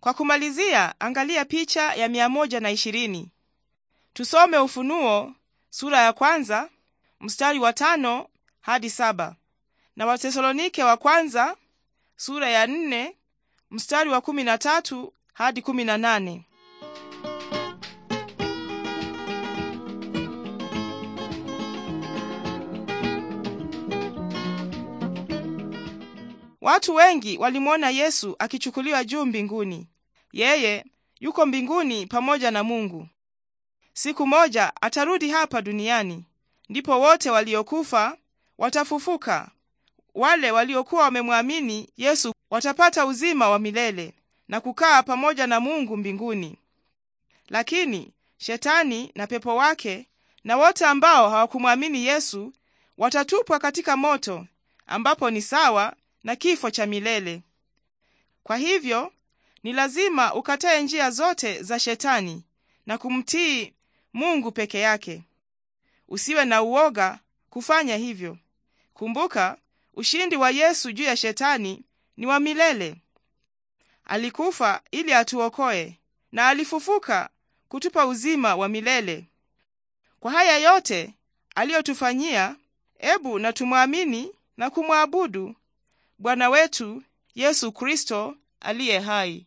Kwa kumalizia, angalia picha ya mia moja na ishirini. Tusome Ufunuo sura ya kwanza mstari wa tano hadi saba na Watesalonike wa kwanza sura ya nne mstari wa kumi na tatu hadi kumi na nane. Watu wengi walimwona Yesu akichukuliwa juu mbinguni. Yeye yuko mbinguni pamoja na Mungu. Siku moja atarudi hapa duniani, ndipo wote waliokufa watafufuka. Wale waliokuwa wamemwamini Yesu watapata uzima wa milele na kukaa pamoja na Mungu mbinguni. Lakini shetani na pepo wake na wote ambao hawakumwamini Yesu watatupwa katika moto ambapo ni sawa na kifo cha milele. Kwa hivyo ni lazima ukatae njia zote za Shetani na kumtii Mungu peke yake. Usiwe na uoga kufanya hivyo. Kumbuka, ushindi wa Yesu juu ya Shetani ni wa milele. Alikufa ili atuokoe na alifufuka kutupa uzima wa milele. Kwa haya yote aliyotufanyia, ebu na tumwamini na kumwabudu Bwana wetu Yesu Kristo aliye hai.